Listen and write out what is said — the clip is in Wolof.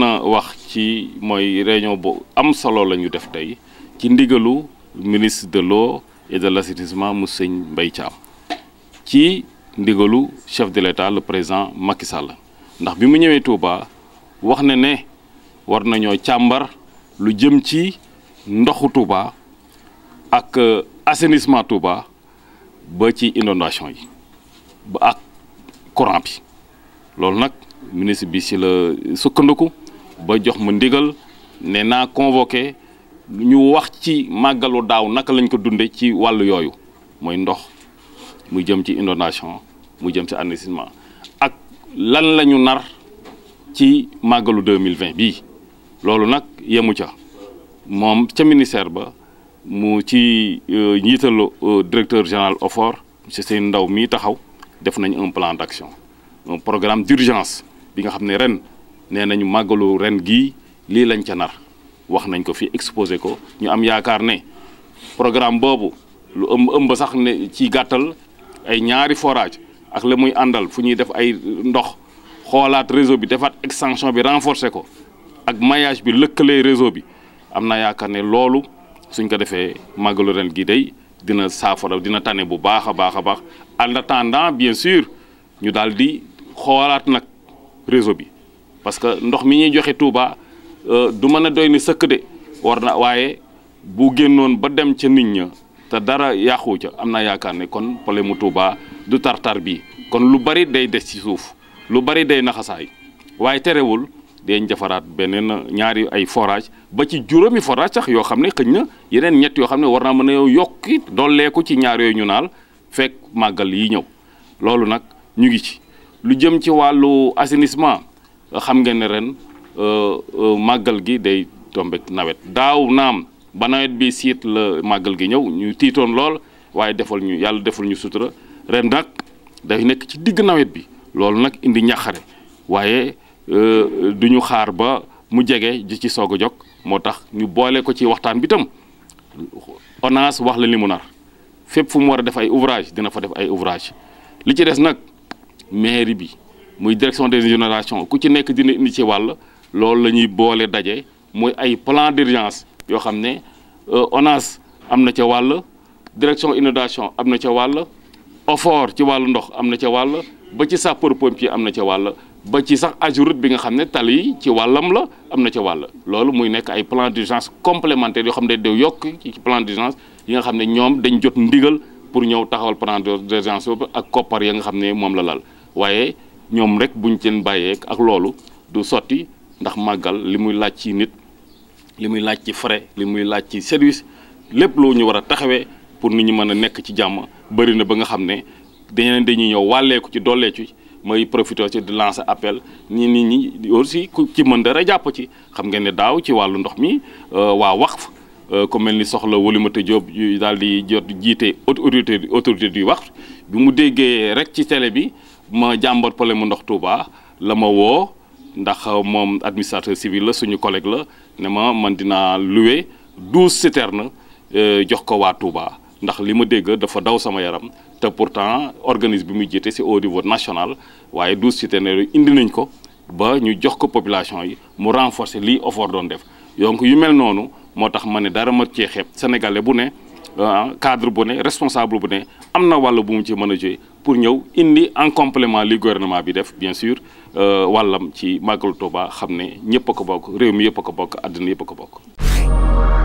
mën a wax ci mooy réunion bu am solo la ñu def tey ci ndigalu ministre de l'eau et de l'assainissement mu sëñ Mbaye Thiam ci ndigalu chef de l'État le président Macky Sall ndax bi mu ñëwee Touba wax na ne war nañoo càmbar lu jëm ci ndoxu Touba ak euh, assainissement Touba ba ci inondation yi ba ak courant bi loolu nag ministre bi ci la sukkandiku ba jox ma ndigal ne naa convoqué ñu wax ci màggalu daaw naka lañ ko dundee ci wàll yooyu mooy ndox muy jëm ci inondation mu jëm ci assainissement ak lan lañu nar ci màggalu 2020 bii loolu nag yemu ca moom ca ministère ba mu ci euh, njiitalu euh, directeur général OFOR monsieur seen Ndaw mii taxaw def nañ un plan d'action programme d'urgence bi nga xam ne ren nee nañu màggalu ren gii lii lañ ca nar wax nañ ko fi exposé ko ñu am yaakaar ne programme boobu lu ëmb ëmb sax ne ci gàttal ay ñaari forage ak la muy àndal fu ñuy def ay ndox xoolaat réseau bi defaat extension bi renforcer ko ak mayage bi lëkkalee réseau bi am na yaakaar ne loolu suñ ko defee màggalu ren gi day dina saafara dina tane bu baax a baax a baax en attendant bien sur ñu daal di xoolaat nag réseau bi parce que ndox mi ñuy joxe Touba euh, du mën a doy ni sëkk de war na waaye bu génnoon ba dem ca nit ña te dara yàqu ca am na yaakaar ne kon problème mu Touba du tar tar bii kon lu bari day des ci suuf lu bari day naxasaay waaye terewul dañ jafaraat beneen ñaari ay forage ba ci juróomi forage sax yoo xam ne xëñ na yeneen ñett yoo xam ne war naa mën a yokki dolleeku ci ñaar yooyu ñu naal fekk màggal yi ñëw loolu nag ñu ngi ci lu jëm ci wàllu assainissement xam ngeen ne ren euh, euh, màggal gi day tombe nawet daaw naam ba nawet bi siit la màggal gi ñëw ñu tiitoon lool waaye defal ñu yàlla defal ñu sutura ren nag day nekk ci digg nawet bi loolu nag indi ñaxare waaye euh, du ñu xaar ba mu jege ji ci soog a jog moo tax ñu boole ko ci waxtaan bi tam ONAS wax la li nar fépp fu mu war a def ay ouvrage dina fa def ay ouvrage li ci des nag mairie bi muy direction des générations ku ci nekk dina indi ci wàll loolu la ñuy boole daje muy ay plan d'urgence yoo xam ne euh, ONAS am na ca wàll direction inondation am na ca wàll OFOR ci wàllu ndox am na ca wàll ba ci sapeur pompier am na ca wàll ba ci sax AGEROUTE bi nga xam ne tali yi ci wàllam la am na ca wàll loolu muy nekk ay plan d'urgence complémentaire yoo xam ne day yokk ci plan d'urgence yi nga xam ne ñoom dañ jot ndigal pour ñëw taxawal plan d'urgence ak koppar ya nga xam ne moom la lal ñoom rek ñu seen bàyyee ak loolu du sotti ndax màggal li muy laaj ci nit li muy laaj ci frais li muy laaj ci service lépp loo ñu war a taxawee pour nit ñi mën a nekk ci jàmm bëri na ba nga xam ne dañu dañuy ñëw wàlleeku ci dolleeku ci may profité ci di lancer appel ñi nit ñi aussi ku ci mën dara jàpp ci xam nga ne daaw ci wàllu ndox mi euh, waa waqf euh, ku mel ni soxla Woulimata Diop daal di jot jiite autorité autorité du waqf bi mu déggee rek ci télé bi. ma jàmbat problème mu ndox Touba la ma woo ndax moom administrateur civil la suñu collègue la ne ma man dinaa louer douze citernes euh, jox ko waa Touba ndax li ma dégg dafa daw sama yaram te pourtant organise bi muy jiite ci au niveau national waaye douze citernes yooyu indi nañ ko ba ñu jox ko population yi mu renforcer lii OFOR doon def yonk yu mel noonu moo tax ma ne dara ma cee xeeb bu ne. Ah, cadre bu ne responsable bu ne am na wàll bu mu ci mën a jouer pour ñëw indi en complément li gouvernement bi def bien sûr euh, wàllam ci màggalu ba xam ne ñëpp a ko bokk réew mi yëpp a ko bokk àddina yëpp a ko bokk.